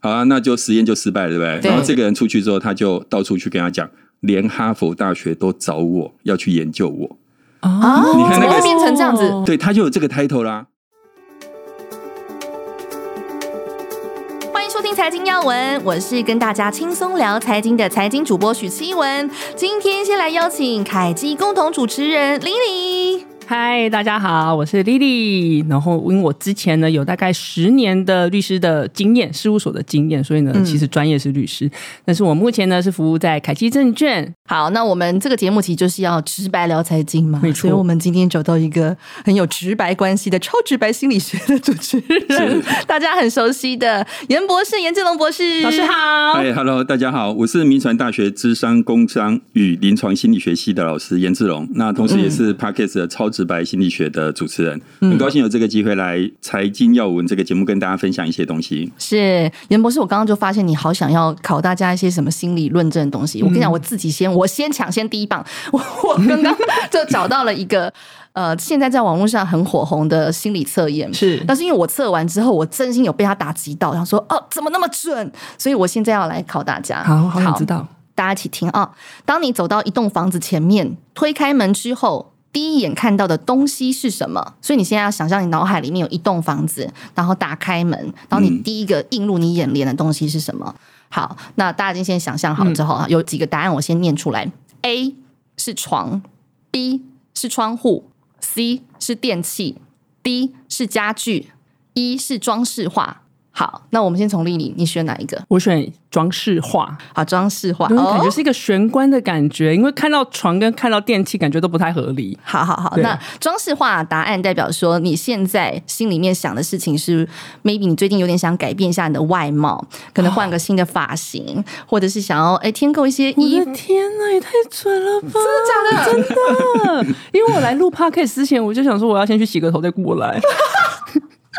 好啊，那就實驗就失敗了，對不對？對，然後這個人出去之後，他就到處去跟他講，連哈佛大學都找我要去研究我哦。你看，那個變成這樣子，對、哦、對，他就有這個 title 啦。哦、歡迎收聽財經要聞，我是跟大家輕鬆聊財經的財經主播許娸雯，今天先來邀請凱基共同主持人 Lilith。嗨，大家好，我是莉莉。然後，因為我之前呢有大概十年的律師的經驗，事務所的經驗，所以呢，其實專業是律師。但是我目前呢是服務在凱基證券。好，那我們這個節目其實就是要直白聊財經嘛，沒錯。所以我們今天找到一個很有直白關係的、超直白心理學的主持人，大家很熟悉的顏博士，顏志龍博士。老師好，嗨，Hello，大家好，我是銘傳大學諮商工商與臨床心理學系的老師顏志龍。嗯，那同時也是 Podcast 的超直白心理學的主持人，很高興有這個機會來《財經要聞》這個節目跟大家分享一些東西。是顏博士，我剛剛就發現你好想要考大家一些什麼心理論證的東西。我跟你講，我自己先，我先搶先第一棒。 我我剛剛就找到了一個 呃，現在在網絡上很火紅的心理測驗。是，但是因為我測完之後，我真心有被他打擊到，想說哦，怎麼那麼準？所以我現在要來考大家。好好，知道好。大家一起聽啊、哦！當你走到一棟房子前面，推開門之後，第一眼看到的東西是什麼？所以你現在要想象，你腦海裡面有一棟房子，然後打開門，然後你第一個映入你眼簾的東西是什麼？嗯、好，那大家先先想象好之後，有幾個答案我先念出來、嗯、：A 是床，B 是窗戶，C 是電器，D 是家具，E 是裝飾畫。好，那我們先從麗麗，你選哪一個？我選裝飾畫。好，裝飾畫，因感覺是一個玄關的感覺，oh. 因為看到床跟看到電器，感覺都不太合理。好好好，那裝飾畫答案代表說，你現在心裡面想的事情是，maybe 你最近有點想改變一下你的外貌，可能換個新的髮型，oh. 或者是想要哎、欸、添購一些衣服。的天哪、啊，也太準了吧！真的假的？真的？ 因為我來錄帕 a r k 之前，我就想說我要先去洗個頭再過來。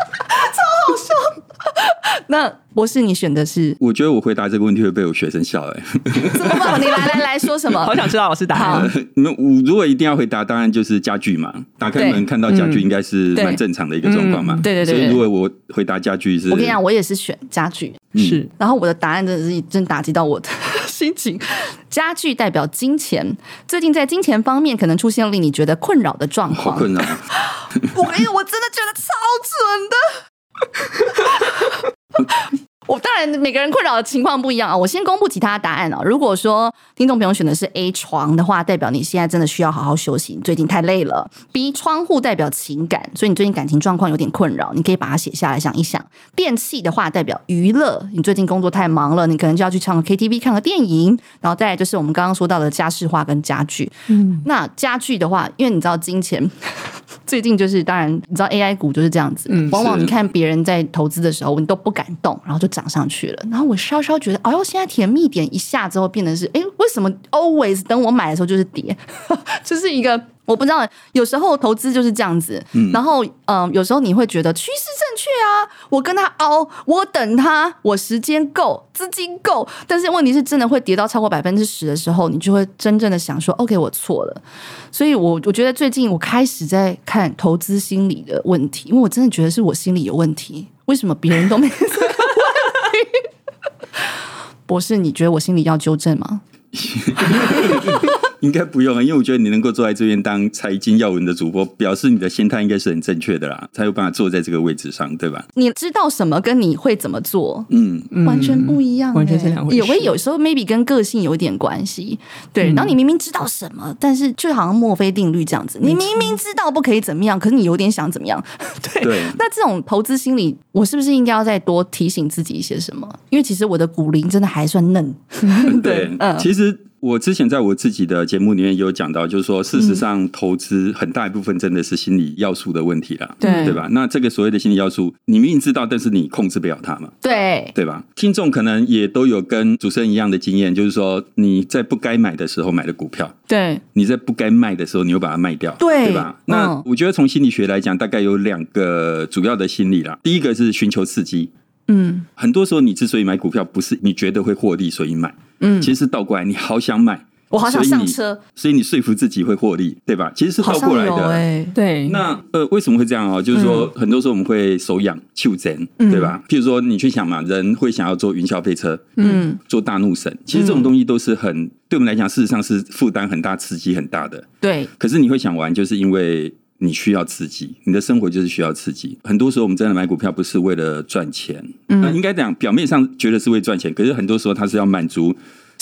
超好笑！那博士，你選的是？我覺得我回答這個問題會被我學生笑哎、欸。 怎麼？你來來，來說什麼？好想知道我是答案。那我如果一定要回答，當然就是家具嘛。打開門、嗯、看到家具，應該是蠻正常的一個狀況嘛對、嗯。對對對。所以如果我回答家具是，我跟你講，我也是選家具是、嗯。然後我的答案真的是真打擊到我的 心情。家具代表金錢，最近在金錢方面可能出現令你覺得困擾的狀況。困擾？ 我因為我真的覺得。好準的！ 我當然每個人困擾的情況不一樣啊。我先公布其他答案啊。如果說聽眾朋友選的是 A 床，的話，代表你現在真的需要好好休息，你最近太累了。B 窗戶代表情感，所以你最近感情狀況有點困擾，你可以把它寫下來想一想。電器的話代表娛樂，你最近工作太忙了，你可能就要去唱 KTV 看個電影。然後再來就是我們剛剛說到的家飾畫跟家具。嗯，那家具的話，因為你知道金錢。最近就是，當然，你知道 AI 股就是這樣子，往往你看別人在投資的時候，你都不敢動，然後就漲上去了。然後我稍稍覺得，哎、哦、呦，現在甜蜜點一下之後，變得是，哎，為什麼 always 等我買的時候就是跌？這 是一個。我不知道，有時候投資就是這樣子。嗯、然後，嗯、呃，有時候你會覺得趨勢正確啊，我跟他凹，我等他，我時間夠，資金夠。但是問題是，真的會跌到超過百分之十的時候，你就會真正的想說：“OK，我錯了。”所以我，我我覺得最近我開始在看投資心理的問題，因為我真的覺得是我心理有問題。為什麼別人都沒 博士，你覺得我心理要糾正嗎？ 應該不用，因為我覺得你能夠坐在這邊當財經要聞的主播，表示你的心態應該是很正確的啦，才有辦法坐在這個位置上，對吧？你知道什麼跟你會怎麼做，嗯，嗯完全不一樣、欸，完全兩回事。也會有時候 maybe 跟個性有點關係，對、嗯。然後你明明知道什麼，但是就好像墨菲定律這樣子，你明明知道不可以怎麼樣，可是你有點想怎麼樣，對。對那這種投資心理，我是不是應該要再多提醒自己一些什麼？因為其實我的股齡真的還算嫩、嗯，對，嗯，其實。我之前在我自己的節目裡面有講到，就是說，事實上投資很大一部分真的是心理要素的問題啦，嗯，對對吧？那這個所謂的心理要素，你明明知道，但是你控制不了它嘛，對對吧？聽眾可能也都有跟主持人一樣的經驗，就是說你在不該買的時候買的股票，對；你在不該賣的時候，你又把它賣掉，對對吧？那我覺得從心理學來講，大概有兩個主要的心理啦，第一個是尋求刺激。嗯，很多時候你之所以買股票，不是你覺得會獲利所以買，嗯，其實是倒過來，你好想買，我好想上車所，所以你說服自己會獲利，對吧？其實是倒過來的，欸、對。那呃，為什麼會這樣哦、嗯，就是說，很多時候我們會手癢、求真，對吧？嗯、譬如說，你去想嘛，人會想要坐雲霄飛車，嗯，坐大怒神，其實這種東西都是很、嗯、對我們來講，事實上是負擔很大、刺激很大的，對。可是你會想玩，就是因為。你需要刺激，你的生活就是需要刺激。很多時候，我們真的買股票不是為了賺錢，那、嗯呃、應該講表面上覺得是為賺錢，可是很多時候它是要滿足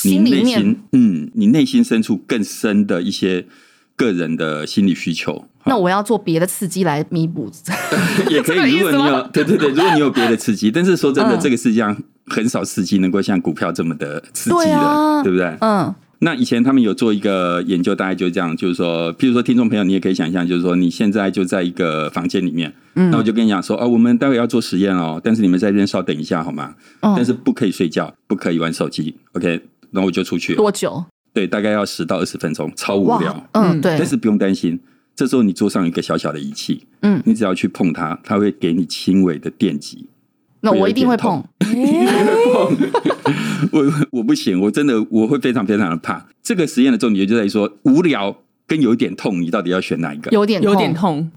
你內心，心，嗯，你內心深處更深的一些個人的心理需求。那我要做別的刺激來彌補，嗯、 也可以。如果你有，這個、對對對，如果你有別的刺激，但是說真的，嗯、這個世界上很少刺激能夠像股票這麼的刺激的，對、啊、對不對？嗯。那以前他們有做一個研究，大概就是這樣，就是說，譬如說聽眾朋友，你也可以想象，就是說，你現在就在一個房間裡面、嗯，那我就跟你講說，哦，我們待會要做實驗哦，但是你們在這邊稍等一下好嗎？哦，但是不可以睡覺，不可以玩手機，OK？那我就出去，多久？對，大概要十到二十分鐘，超無聊，嗯，對。但是不用擔心，這時候你桌上有一個小小的儀器，嗯，你只要去碰它，它會給你輕微的電擊。我一定會碰， 一定會碰 我我不行，我真的我會非常非常的怕。這個實驗的重點就在於說，無聊跟有點痛，你到底要選哪一個？有點痛，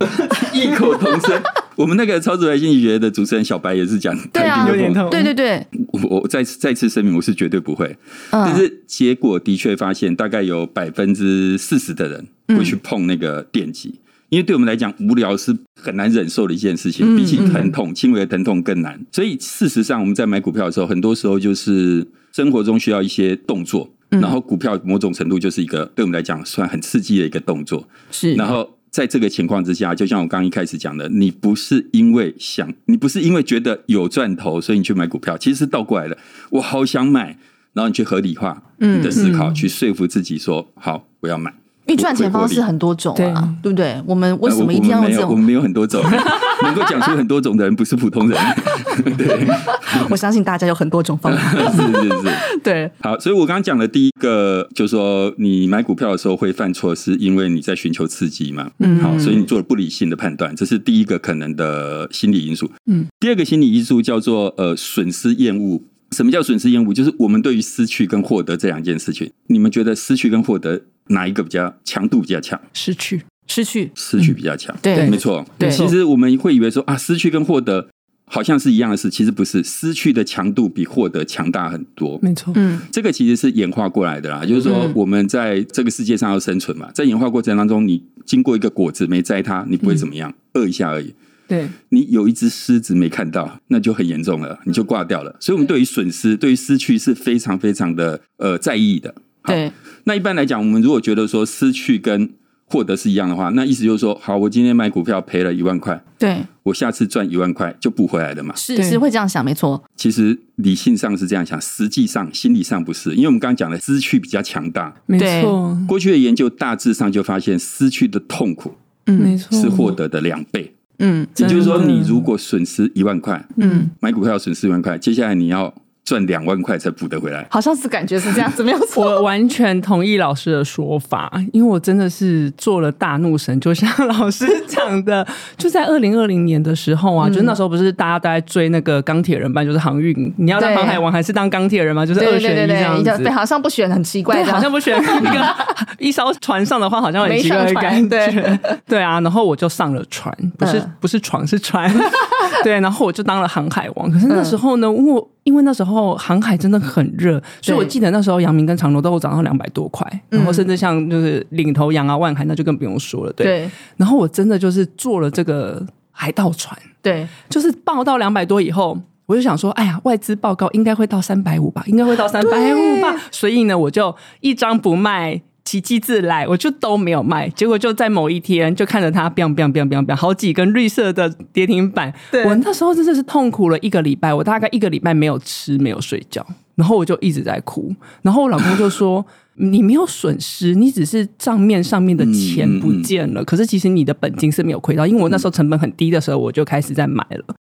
異 口同聲。 我們那個《超直白心理學》的主持人小白也是講，對啊一定，有點痛，對對對。我再再次聲明，我是絕對不會。Uh, 但是結果的確發現，大概有百分之四十的人會去碰那個電極。嗯因為對我們來講，無聊是很難忍受的一件事情，比起疼痛，輕微的疼痛更難。所以事實上，我們在買股票的時候，很多時候就是生活中需要一些動作，然後股票某種程度就是一個對我們來講算很刺激的一個動作。是，然後在這個情況之下，就像我剛一開始講的，你不是因為想，你不是因為覺得有賺頭，所以你去買股票，其實是倒過來了。我好想買，然後你去合理化你的思考，去說服自己說：好，我要買。賺錢方式很多種啊，對不對，對？我們為什麼一定要？我，我們沒有很多種 能夠講出很多種的人，不是普通人。 對 我相信大家有很多種方法。 是是是， 對。好，所以我剛剛講的第一個，就是說你買股票的時候會犯錯，是因為你在尋求刺激嘛？嗯。好，所以你做了不理性的判斷，這是第一個可能的心理因素。嗯。第二個心理因素叫做呃損失厭惡。什麼叫損失厭惡？就是我們對於失去跟獲得這兩件事情，你們覺得失去跟獲得？哪一個比較強度比較強？失去，失去，失去比較強，嗯。對，沒錯。對，其實我們會以為說啊，失去跟獲得好像是一樣的事，其實不是。失去的強度比獲得強大很多。沒錯，嗯，這個其實是演化過來的啦。就是說，我們在這個世界上要生存嘛，嗯，在演化過程當中，你經過一個果子沒摘它，你不會怎麼樣，餓、嗯、一下而已。對，你有一隻獅子沒看到，那就很嚴重了，你就掛掉了。所以，我們對於損失、對於失去是非常非常的呃在意的。對，那一般來講，我們如果覺得說失去跟獲得是一樣的話，那意思就是說，好，我今天買股票賠了一萬塊，對，我下次賺一萬塊就補回來了嘛。是是會這樣想，沒錯。其實理性上是這樣想，實際上心理上不是，因為我們剛剛講了，失去比較強大。沒錯，過去的研究大致上就發現，失去的痛苦，沒錯，是獲得的兩倍。嗯，也就是說，你如果損失一萬塊，嗯，買股票損失一萬塊，接下來你要。賺兩萬塊才補得回來，好像是感覺是這樣子，沒有錯。 我完全同意老師的說法，因為我真的是做了大怒神，就像老師講的，就在二零二零年的時候啊，嗯、就是、那時候不是大家都在追那個鋼鐵人版，就是航運，你要當航海王還是當鋼鐵人嘛？就是二選一，對對對對，對，好像不選很奇怪，好像不選那個 一艘船上的話好像很奇怪的感覺對，對啊，然後我就上了船，不是、嗯、不是床是船，是船 對，然後我就當了航海王，可是那時候呢我。因為那時候航海真的很熱，所以我記得那時候陽明跟長榮都漲到兩百多塊，嗯，然後甚至像就是領頭羊啊萬海，那就更不用說了對，對。然後我真的就是坐了這個海盜船，對，就是報到兩百多以後，我就想說，哎呀，外資報告應該會到三百五吧，應該會到三百五吧，所以呢，我就一張不賣。奇蹟自來，我就都沒有賣。結果就在某一天，就看着它 biang biang biang biang biang 好幾根綠色的跌停板。我那時候真的是痛苦了一個禮拜，我大概一個禮拜沒有吃，沒有睡覺，然後我就一直在哭。然後我老公就說：“ 你沒有損失，你只是賬面上面的錢不見了、嗯。可是其實你的本金是沒有虧到，因為我那時候成本很低的時候，我就開始在買了。嗯”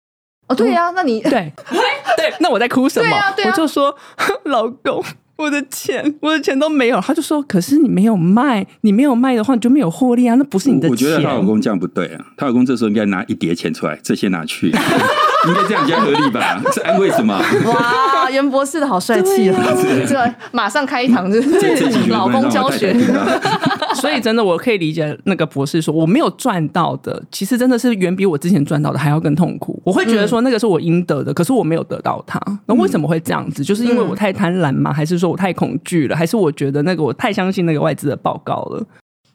哦，對呀、啊，那你對 對，那我在哭什麼？啊啊、我就說老公。我的錢，我的錢都沒有，他就說，可是你沒有賣，你沒有賣的話，你就沒有獲利啊，那不是你的錢。我，我覺得她老公這樣不對啊，她老公這時候應該拿一疊錢出來，這些拿去、啊， 應該這樣比較合理吧？是安慰什麼？哇，顏博士的好帥氣啊，啊 這個馬上開一堂就是老公教學。 所以真的，我可以理解那個博士說我沒有賺到的，其實真的是遠比我之前賺到的還要更痛苦。我會覺得說那個是我應得的，可是我沒有得到它。那為什麼會這樣子？就是因為我太貪婪嗎？還是說我太恐懼了？還是我覺得那個我太相信那個外資的報告了？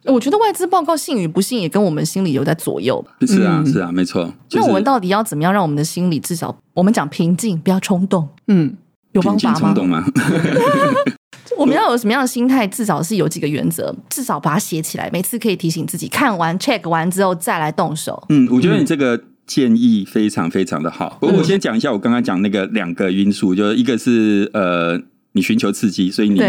我覺得外資報告信與不信也跟我們心理有在左右。是啊，是啊，沒錯，就是。那我們到底要怎麼樣讓我們的心理至少我們講平靜，不要衝動？嗯，有方法嗎？ 我們要有什麼樣的心態？至少是有幾個原則，至少把它寫起來，每次可以提醒自己。看完 check 完之後再來動手。嗯，我覺得你這個建議非常非常的好。我、嗯、我先講一下，我剛剛講那個兩個因素，就是一個是呃你尋求刺激，所以你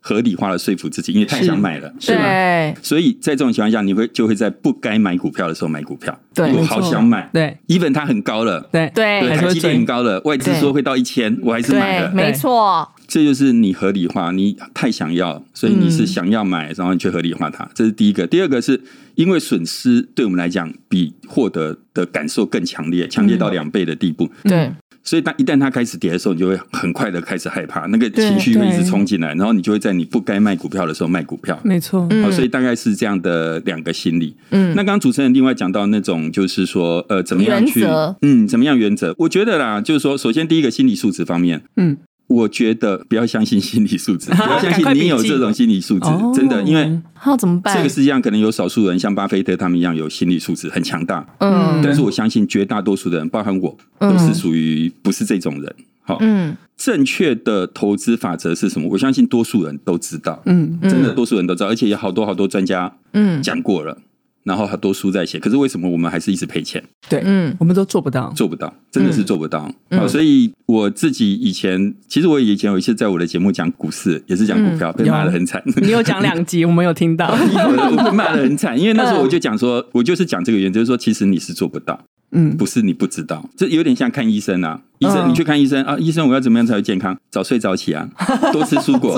合理化的說服自己，因為太想買了，是吧？所以在這種情況下，你會就會在不該買股票的時候買股票。對，我好想買。對，even 它很高了。對對，還說本很高了，外資說會到一千，我還是買了。沒錯。這就是你合理化，你太想要，所以你是想要買，嗯、然後你去合理化它。這是第一個，第二個是因為損失對我們來講比獲得的感受更強烈，強烈到兩倍的地步。嗯、對，所以當一旦它開始跌的時候，你就會很快的開始害怕，那個情緒會一直衝進來，然後你就會在你不該賣股票的時候賣股票。沒錯，好，所以大概是這樣的兩個心理。嗯，那剛剛主持人，另外講到那種就是說，呃，怎麼樣去？原則。嗯，怎麼樣原則？我覺得啦，就是說，首先第一個心理素質方面，嗯。我覺得不要相信心理素質，不要相信你有這種心理素質，啊，真的，因為這個世界上可能有少數人像巴菲特他們一樣有心理素質很強大，嗯，但是我相信絕大多數的人，包含我，都是屬於不是這種人，好，嗯，正確的投資法則是什麼？我相信多數人都知道，嗯，真的多數人都知道，而且有好多好多專家嗯，講過了。嗯嗯然後很多書在寫，可是為什麼我們還是一直賠錢？對，嗯，我們都做不到，做不到，真的是做不到啊、嗯！所以我自己以前，其實我以前有一次在我的節目講股市，也是講股票，嗯、被罵得很慘。你有講兩集， 我沒有聽到， 我被罵得很慘，因為那時候我就講說，我就是講這個原則，就是說，其實你是做不到。嗯，不是你不知道，這有點像看醫生啊。醫生，你去看醫生、哦、啊。醫生，我要怎麼樣才會健康？早睡早起啊，多吃蔬果，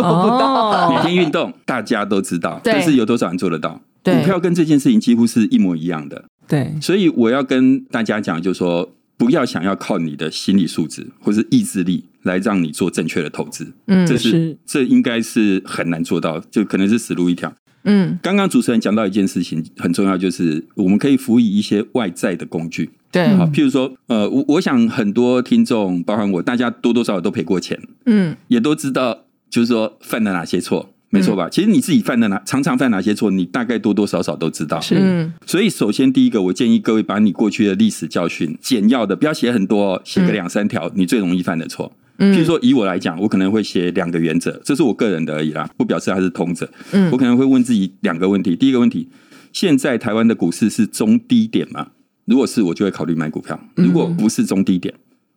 每 天運動。大家都知道，但是有多少人做得到？股票跟這件事情幾乎是一模一樣的。對，所以我要跟大家講，就是說不要想要靠你的心理素質或是意志力來讓你做正確的投資。嗯，這是，是這應該是很難做到，就可能是死路一條。嗯，剛剛主持人講到一件事情很重要，就是我們可以輔以一些外在的工具。嗯、好，譬如說，呃，我我想很多聽眾，包含我，大家多多少少都賠過錢，嗯，也都知道，就是說犯了哪些錯，沒錯吧、嗯？其實你自己犯的哪，常常犯哪些錯，你大概多多少少都知道。是，所以首先第一個，我建議各位把你過去的歷史教訓簡要的，不要寫很多，寫個兩三條、嗯，你最容易犯的錯、嗯。譬如說以我來講，我可能會寫兩個原則，這是我個人的而已啦，不表示它是通則。嗯，我可能會問自己兩個問題，第一個問題，現在台灣的股市是中低點嗎？如果是，我就會考慮買股票；如果不是中低點，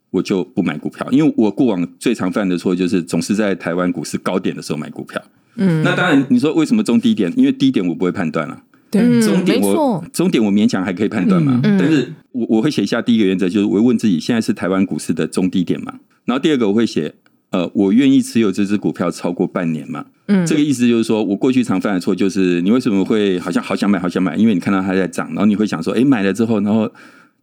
我就不買股票、嗯。因為我過往最常犯的錯就是總是在台灣股市高點的時候買股票。嗯，那當然，你說為什麼中低點？因為低點我不會判斷了、啊。對、嗯，中點我中點我勉強還可以判斷嘛。嗯嗯、但是我我會寫一下第一個原則，就是我會問自己：現在是台灣股市的中低點嘛？然後第二個我會寫。呃，我願意持有這隻股票超過半年嘛？嗯，這個意思就是說，我過去常犯的錯就是，你為什麼會好像好想買，好想買？因為你看到它在漲，然後你會想說，哎、欸，買了之後，然後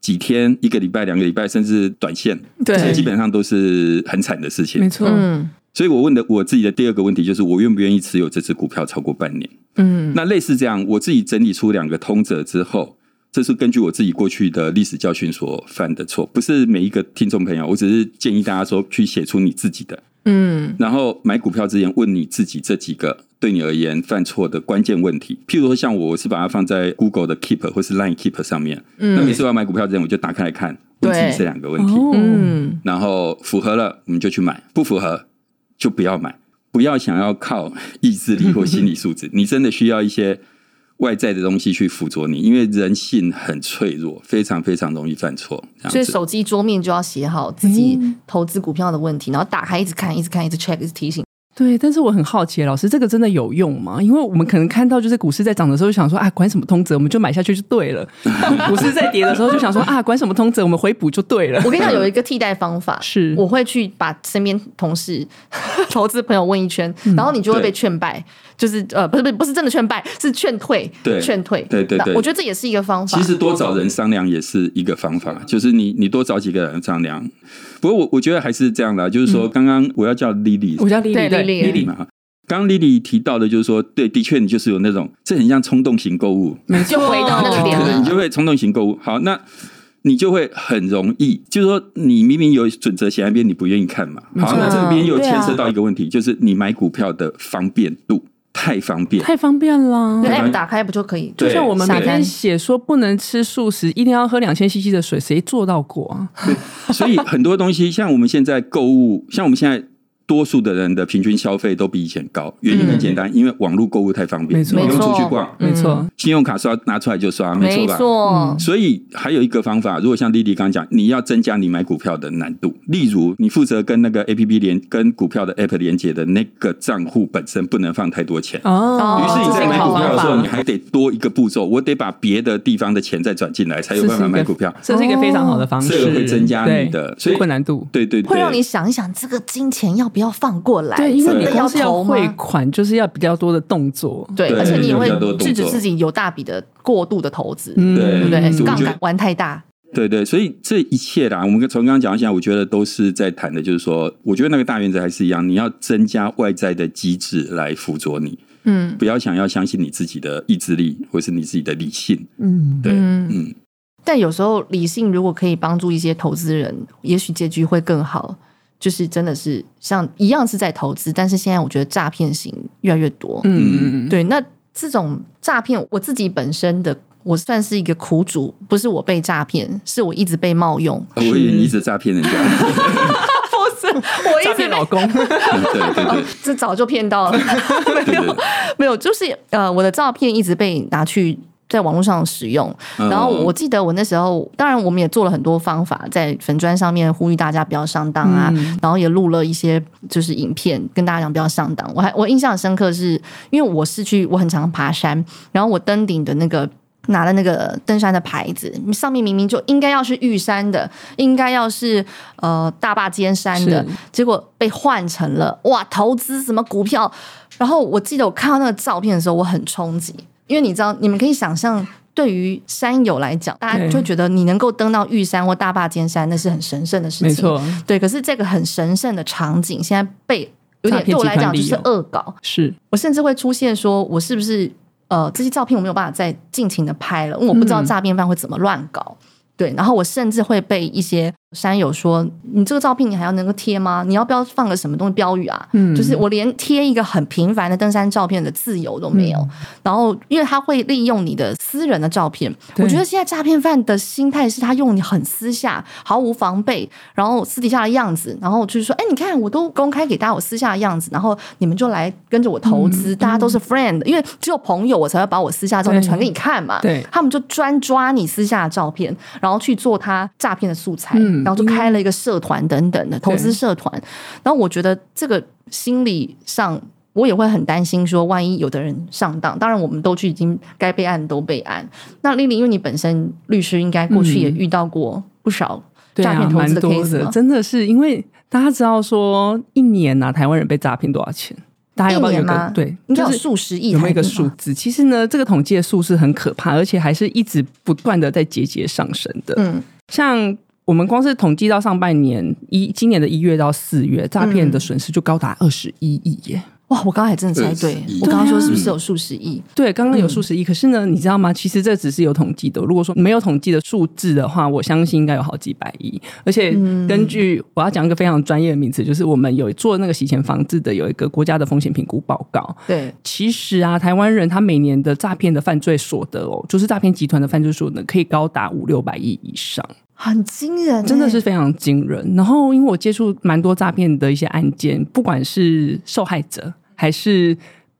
幾天、一個禮拜、兩個禮拜，甚至短線，對，基本上都是很慘的事情，沒錯。嗯，所以我問的我自己的第二個問題就是，我願不願意持有這隻股票超過半年？嗯，那類似這樣，我自己整理出兩個通則之後。這是根據我自己過去的歷史教訓所犯的錯，不是每一個聽眾朋友。我只是建議大家說，去寫出你自己的，嗯，然後買股票之前問你自己這幾個對你而言犯錯的關鍵問題。譬如說，像我，是把它放在 Google 的 Keeper 或是 Line Keeper 上面，那每次要買股票之前，我就打開來看，問自己這兩個問題，嗯，然後符合了我們就去買，不符合就不要買，不要想要靠意志力或心理素質，你真的需要一些。外在的東西去輔佐你，因為人性很脆弱，非常非常容易犯錯。所以手機桌面就要寫好自己投資股票的問題、嗯，然後打開一直看，一直看，一直 check，一直提醒。對，但是我很好奇，老師這個真的有用嗎？因為我們可能看到就是股市在漲的時候，就想說啊，管什麼通則，我們就買下去就對了；嗯、股市在跌的時候，就想說啊，管什麼通則，我們回補就對了。我跟你講，有一個替代方法，是我會去把身邊同事、投資朋友問一圈、嗯，然後你就會被勸敗。就是呃，不是不是不是真的勸敗，是勸退，勸退，對對對，我覺得這也是一個方法。其實多找人商量也是一個方法，嗯、就是你你多找幾個人商量。不過我我覺得還是這樣的、嗯，就是說剛剛我要叫 Lily，我叫 Lily Lily 嘛。剛剛 Lily 提到的就是說，對，的確你就是有那種，這很像衝動型購物，你、哦、就回到那個點，你就會衝動型購物。好，那你就會很容易，就是說你明明有準則寫那邊，你不願意看嘛。好，那、啊、這邊又牽涉到一個問題、啊，就是你買股票的方便度。太方便，太方便啦 a、欸、打開不就可以？就像我們每天寫說不能吃素食，一定要喝兩千 CC 的水，誰做到過啊？所以很多東西， 像我們現在購物，像我們現在。多數的人的平均消費都比以前高，原因很簡單，嗯、因為網絡購物太方便，不用出去逛，沒錯。嗯、信用卡刷拿出來就刷沒錯吧，沒錯。所以還有一個方法，如果像 Lilith 剛剛講，你要增加你買股票的難度，例如你負責跟那個 APP 連，跟股票的 APP 連接的那個賬戶本身不能放太多錢哦。於是你在買股票的時候，你還得多一個步驟，我得把別的地方的錢再轉進來，才有辦法買股票。這是一個是一個非常好的方式，這個會增加你的所以困難度，對對對，會讓你想一想這個金錢要。不要放過來，對，因為你要是要匯款，就是要比較多的動作，對，對而且你也會制止自己有大筆的過度的投資，對不對？槓桿玩太大，對對，所以這一切啦，我們從剛剛講到現在，我覺得都是在談的，就是說，我覺得那個大原則還是一樣，你要增加外在的機制來輔佐你，嗯，不要想要相信你自己的意志力或是你自己的理性，嗯，對，嗯，但有時候理性如果可以幫助一些投資人，也許結局會更好。就是真的是像一樣是在投資，但是現在我覺得詐騙型越來越多。嗯，對，那這種詐騙，我自己本身的我算是一個苦主，不是我被詐騙，是我一直被冒用。我也一直詐騙人家？ 不是，我一直詐騙老公 對對對、哦？這早就騙到了， 沒有沒有，就是呃，我的照片一直被拿去。在網絡上使用，然後我記得我那時候、嗯，當然我們也做了很多方法，在粉專上面呼籲大家不要上當啊、嗯，然後也錄了一些就是影片跟大家講不要上當。我還我印象深刻是因為我是去，我很常爬山，然後我登頂的那個拿了那個登山的牌子，上面明明就應該要是玉山的，應該要是呃大霸尖山的，結果被換成了哇投資什麼股票，然後我記得我看到那個照片的時候，我很衝擊。因為你知道，你們可以想象，對於山友來講，大家就會覺得你能夠登到玉山或大霸尖山，那是很神聖的事情。沒錯，對。可是這個很神聖的場景，現在被有點對我來講就是惡搞。是，我甚至會出現說，我是不是呃，這些照片我沒有辦法再盡情的拍了，因為我不知道詐騙犯會怎麼亂搞。嗯。對，然後我甚至會被一些。山友說：“你這個照片你還要能夠貼嗎？你要不要放個什麼東西標語啊？嗯，就是我連貼一個很平凡的登山照片的自由都沒有。嗯、然後，因為他會利用你的私人的照片，我覺得現在詐騙犯的心態是他用你很私下、毫無防備，然後私底下的樣子，然後就是說，哎，你看，我都公開給大家我私下的樣子，然後你們就來跟着我投資，嗯、大家都是 friend，、嗯、因為只有朋友我才會把我私下的照片傳給、嗯、你看嘛。對，他們就專抓你私下的照片，然後去做他詐騙的素材。嗯”然後就開了一個社團等等的投資社團，然後我覺得這個心理上我也會很擔心，說萬一有的人上當。當然我們都去已經該備案都備案。那 Lilith，因為你本身律師，應該過去也遇到過不少詐騙團的 case、啊的。真的是因為大家知道說，一年吶、啊，台灣人被詐騙多少錢？大家要要有，一年嗎有沒有一個對？應該是數十億有沒有個數字？其實呢，這個統計的數是很可怕，而且還是一直不斷的在節節上升的。嗯，像。我們光是統計到上半年一今年的一月到四月，詐騙的損失就高達二十一億耶、嗯！哇，我剛剛還真的猜對，我剛剛說是不是有數十億對、啊嗯，對，剛剛有數十億、嗯。可是呢，你知道嗎？其實這只是有統計的，如果說沒有統計的數字的話，我相信應該有好幾百億。而且根據我要講一個非常專業的名詞，嗯、就是我們有做那個洗錢防治的有一個國家的風險評估報告。對，其實啊，台灣人他每年的詐騙的犯罪所得哦，就是詐騙集團的犯罪所得可以高達五六百億以上。很驚人欸，真的是非常驚人。然後，因為我接觸蠻多詐騙的一些案件，不管是受害者還是。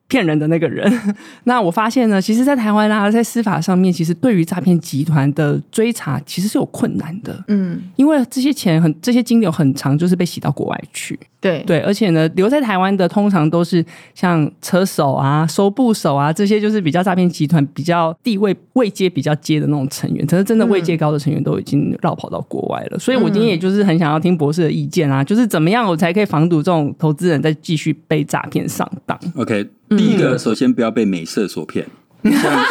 騙人的那個人， 那我發現呢，其實，在台灣啊，在司法上面，其實對於詐騙集團的追查，其實是有困難的。嗯，因為這些錢很，這些金流很長，就是被洗到國外去。對對，而且呢，留在台灣的通常都是像車手啊、收簿手啊這些，就是比較詐騙集團比較地位位階比較階的那種成員。可是真的位階高的成員都已經繞跑到國外了。嗯。所以我今天也就是很想要聽博士的意見啊，就是怎麼樣我才可以防堵這種投資人再繼續被詐騙上當？OK。第一個，首先不要被美色所騙， 像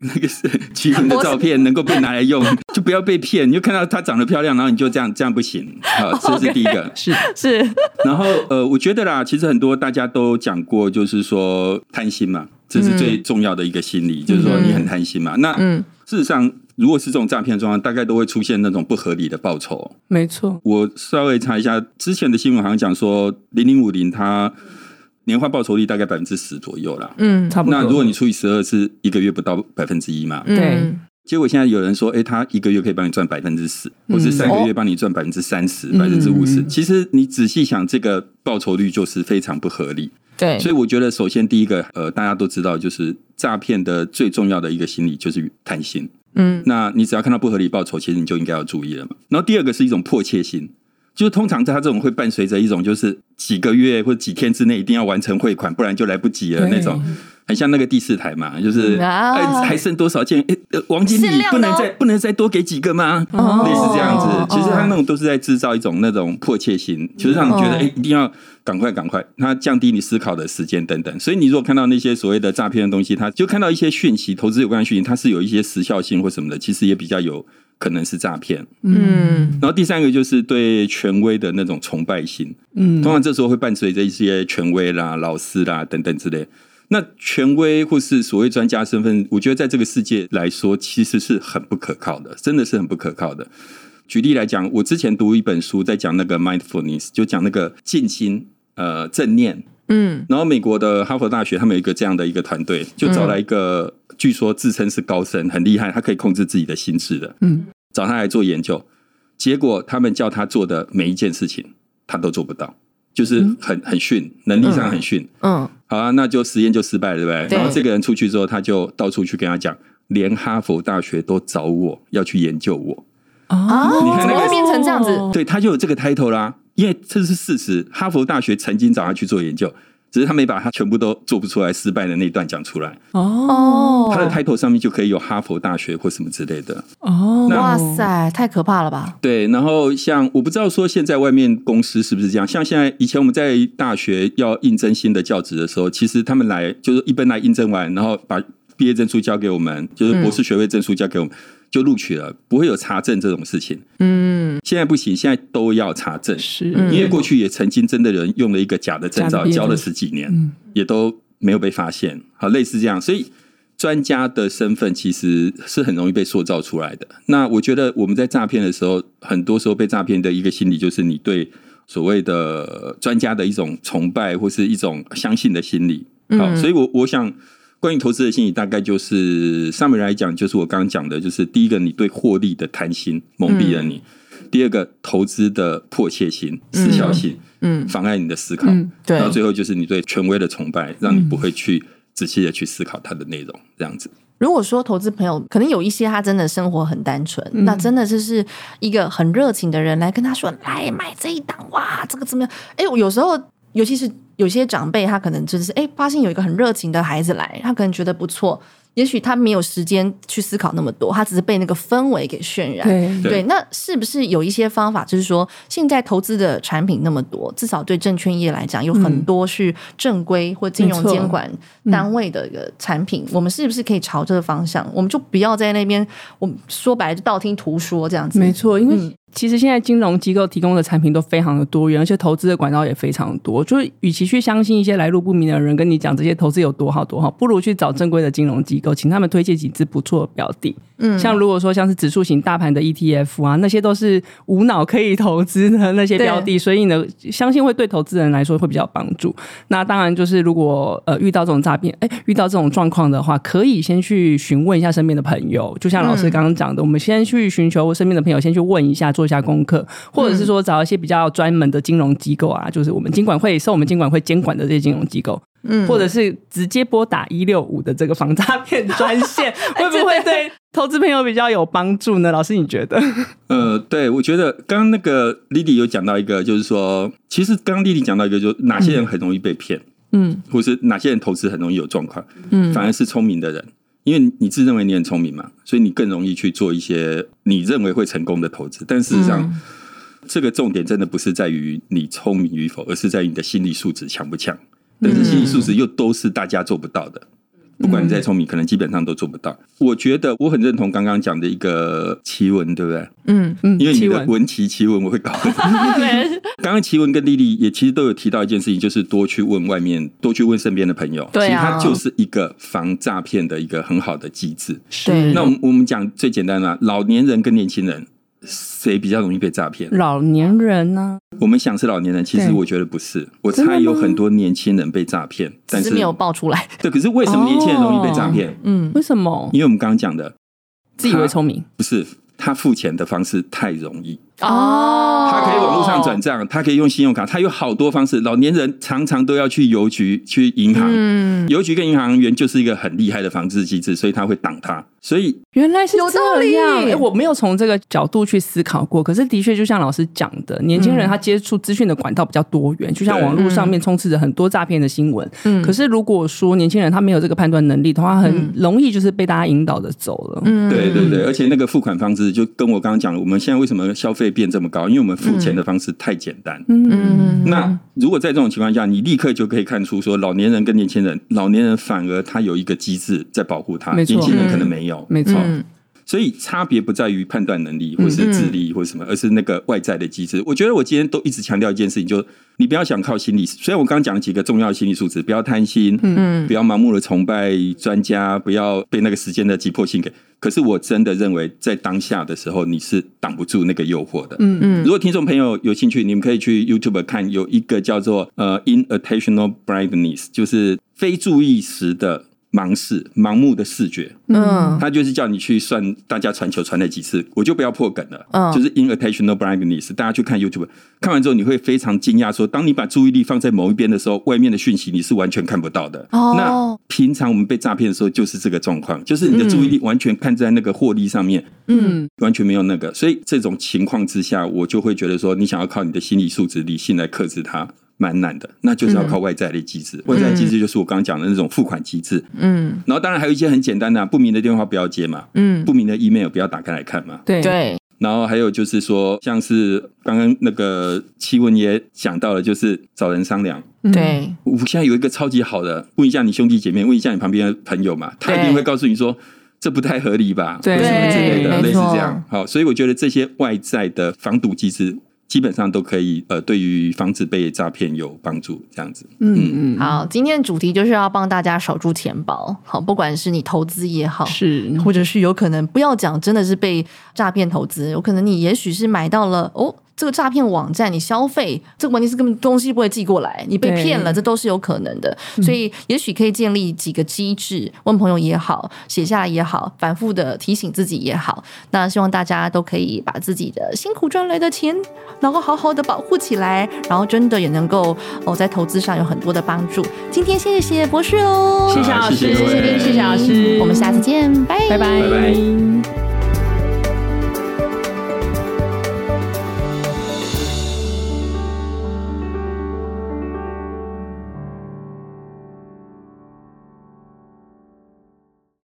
那個是麒麟的照片能夠被拿來用，就不要被騙。你就看到她長得漂亮，然後你就這樣，這樣不行。好，這是第一個，okay, 是是。然後呃，我覺得啦，其實很多大家都講過，就是說貪心嘛，這是最重要的一個心理，嗯、就是說你很貪心嘛。嗯那嗯，事實上，如果是這種詐騙狀況，大概都會出現那種不合理的報酬。沒錯，我稍微查一下之前的新聞，好像講說零零五零它，年化報酬率大概百分之十左右啦，嗯，差不多。那如果你除以十二，是一個月不到百分之一嘛，對、嗯。結果現在有人說，哎、欸，他一個月可以幫你賺百分之十，或是三個月幫你賺百分之三十、百分之五十。其實你仔細想，這個報酬率就是非常不合理。對、嗯。所以我覺得，首先第一個，呃，大家都知道，就是詐騙的最重要的一個心理就是貪心。嗯。那你只要看到不合理報酬，其實你就應該要注意了嘛。然後第二個是一種迫切心。就通常他這種會伴隨着一種，就是幾個月或幾天之內一定要完成匯款，不然就來不及了那種。很像那個第四台嘛，就是、哎、還剩多少件、哎？呃、王經理不能再不能再多給幾個嗎？類似這樣子。其實他那種都是在製造一種那種迫切心，其實讓你覺得、哎、一定要趕快趕快，他降低你思考的時間等等。所以你如果看到那些所謂的詐騙的東西，它就看到一些訊息，投資有關的訊息，它是有一些時效性或什麼的，其實也比較有。可能是詐騙，嗯，然後第三個就是對權威的那種崇拜心。嗯，通常這時候會伴隨著一些權威啦、老師啦等等之類。那權威或是所謂專家身份，我覺得在這個世界來說，其實是很不可靠的，真的是很不可靠的。舉例來講，我之前讀一本書，在講那個 mindfulness，就講那個靜心、呃、正念。嗯，然後美國的哈佛大學他們有一個這樣的一個團隊，就找來一個、嗯、據說自稱是高僧，很厲害，他可以控制自己的心智的，嗯，找他來做研究。結果他們叫他做的每一件事情，他都做不到，就是很、嗯、很遜，能力上很遜、嗯，嗯，好啊，那就實驗就失敗了，對不對？對，然後這個人出去之後，他就到處去跟他講，連哈佛大學都找我要去研究我，哦，你看那個怎麼變成這樣子，對，他就有這個 title 啦。因為這是事實，哈佛大學曾經找他去做研究，只是他沒把他全部都做不出來失敗的那一段講出來。哦，他的 title 上面就可以有哈佛大學或什麼之類的。哦，哇塞，太可怕了吧？對。然後像我不知道說現在外面公司是不是這樣，像現在以前我們在大學要應徵新的教職的時候，其實他們來就是一般來應徵完，然後把畢業證書交給我們，就是博士學位證書交給我們。嗯。就錄取了，不會有查證這種事情。嗯，現在不行，現在都要查證。是，嗯，因為過去也曾經真的人用了一個假的證照，教了十幾年，嗯，也都沒有被發現。好，類似這樣，所以專家的身份其實是很容易被塑造出來的。那我覺得我們在詐騙的時候，很多時候被詐騙的一個心理就是你對所謂的專家的一種崇拜或是一種相信的心理。好，所以我我想。關於投資的心理，大概就是上面來講，就是我剛剛講的，就是第一個，你對獲利的貪心蒙蔽了你；第二個，投資的迫切性、時效性，嗯，妨礙你的思考；對，然後最後就是你對權威的崇拜，讓你不會去仔細的去思考它的內容。這樣子，如果說投資朋友可能有一些他真的生活很單純，嗯、那真的就是一個很熱情的人來跟他說：“嗯、來買這一檔、啊，哇，這個怎麼樣？”哎，我有時候，尤其是。有些長輩他可能就是誒、欸，發現有一個很熱情的孩子來，他可能覺得不錯。也許他沒有時間去思考那麼多，他只是被那個氛圍給渲染對。對，那是不是有一些方法？就是說，現在投資的產品那麼多，至少對證券業來講，有很多是正規或金融監管單位的一個產品。我們是不是可以朝這個方向？嗯、我們就不要在那邊，我們說白了，就道聽途說這樣子。沒錯，因為、嗯。其實現在金融機構提供的產品都非常的多元，而且投資的管道也非常多，就是與其去相信一些來路不明的人跟你講這些投資有多好多好，不如去找正規的金融機構，請他們推薦幾支不錯的標的。嗯，像如果說像是指數型大盤的 ETF 啊，那些都是無腦可以投資的那些標的，所以呢，相信會對投資人來說會比較幫助。那當然就是如果呃遇到這種詐騙，哎，遇到這種狀況的話，可以先去詢問一下身邊的朋友。就像老師剛剛講的，嗯、我們先去尋求身邊的朋友，先去問一下。做一下功課，或者是說找一些比較專門的金融機構啊，嗯、就是我們金管會受我們金管會監管的這些金融機構，嗯，或者是直接撥打一六五的這個防詐騙專線， 會不會對投資朋友比較有幫助呢？老師你覺得？呃，對，我覺得剛剛那個 Lilith 有講到一個，就是說，其實剛剛 Lilith 講到一個，就是哪些人很容易被騙，嗯，或是哪些人投資很容易有狀況，嗯，反而是聰明的人。因為你自認為你很聰明嘛，所以你更容易去做一些你認為會成功的投資，但事實上，嗯，這個重點真的不是在於你聰明與否，而是在於你的心理素質強不強。但是心理素質又都是大家做不到的。嗯嗯不管你再聰明，嗯，可能基本上都做不到。我覺得我很認同剛剛講的一個娸雯，對不對？嗯嗯，因為你的文奇奇文我會搞。剛剛娸雯跟莉莉也其實都有提到一件事情，就是多去問外面，多去問身邊的朋友。對啊，其實它就是一個防詐騙的一個很好的機制。是、啊。那我們我們講最簡單的，老年人跟年輕人。誰比較容易被詐騙？老年人呢？啊？我們想是老年人，其實我覺得不是。我猜有很多年輕人被詐騙，但是，只是沒有爆出來。 對，可是為什麼年輕人容易被詐騙？哦，嗯，為什麼？因為我們剛剛講的，自己以為聰明，不是他付錢的方式太容易。哦，他可以網絡上轉賬，他可以用信用卡，他有好多方式。老年人常常都要去郵局、去銀行。嗯、郵局跟銀行員就是一個很厲害的防制機制，所以他會擋他。所以原來是這樣，有道理。哎、欸，我沒有從這個角度去思考過。可是的確，就像老師講的，年輕人他接觸資訊的管道比較多元，嗯、就像網絡上面充斥着很多詐騙的新聞。嗯。可是如果說年輕人他沒有這個判斷能力的話，很容易就是被大家引導著走了。嗯，對對對。而且那個付款方式，就跟我剛剛講，我們現在為什麼消費。變這麼高，因為我們付錢的方式太簡單。嗯，那如果在這種情況下，你立刻就可以看出，說老年人跟年輕人，老年人反而他有一個機制在保護他，年輕人可能沒有。沒錯。嗯。哦所以差別不在於判斷能力，或是智力，或是什麼，而是那個外在的機制。我覺得我今天都一直強調一件事情，就是你不要想靠心理。雖然我剛剛講幾個重要的心理素質，不要貪心，嗯，嗯，不要盲目的崇拜專家，不要被那個時間的急迫性給。可是我真的認為，在當下的時候，你是擋不住那個誘惑的。嗯嗯。如果聽眾朋友有興趣，你們可以去 YouTube 看，有一個叫做呃，inattentional blindness 就是非注意時的。盲視、盲目的視覺，嗯，他就是叫你去算大家傳球傳了幾次，我就不要破梗了，嗯，就是 inattentional blindness。大家去看 YouTube，看完之後你會非常驚訝，說當你把注意力放在某一邊的時候，外面的訊息你是完全看不到的。哦，那平常我們被詐騙的時候就是這個狀況，就是你的注意力完全看在那個獲利上面，嗯，完全沒有那個。所以這種情況之下，我就會覺得說，你想要靠你的心理素質、理性來克制它。蠻難的，那就是要靠外在的機制、嗯。外在機制就是我剛剛講的那種付款機制。嗯，然後當然還有一些很簡單的、啊，不明的電話不要接嘛。嗯，不明的 email 不要打開來看嘛。對，然後還有就是說，像是剛剛那個娸雯也講到了，就是找人商量。對。我現在有一個超級好的，問一下你兄弟姐妹，問一下你旁邊的朋友嘛，他一定會告訴你說，這不太合理吧？對什麼之類的，類似這樣。好，所以我覺得這些外在的防堵機制。基本上都可以，呃，對於防止被詐騙有幫助，這樣子。嗯嗯，好，今天的主題就是要幫大家守住錢包。好，不管是你投資也好，是，或者是有可能不要講，真的是被詐騙投資，有可能你也許是買到了哦。這個詐騙網站，你消費這個問題是根本東西不會寄過來，你被騙了，這都是有可能的，嗯。所以也許可以建立幾個機制，問朋友也好，寫下來也好，反覆的提醒自己也好。那希望大家都可以把自己的辛苦賺來的錢，能夠好好的保護起來，然後真的也能夠哦在投資上有很多的幫助。今天謝謝博士哦，謝謝老師，謝謝林，謝謝老師，我們下次見，拜拜。拜拜。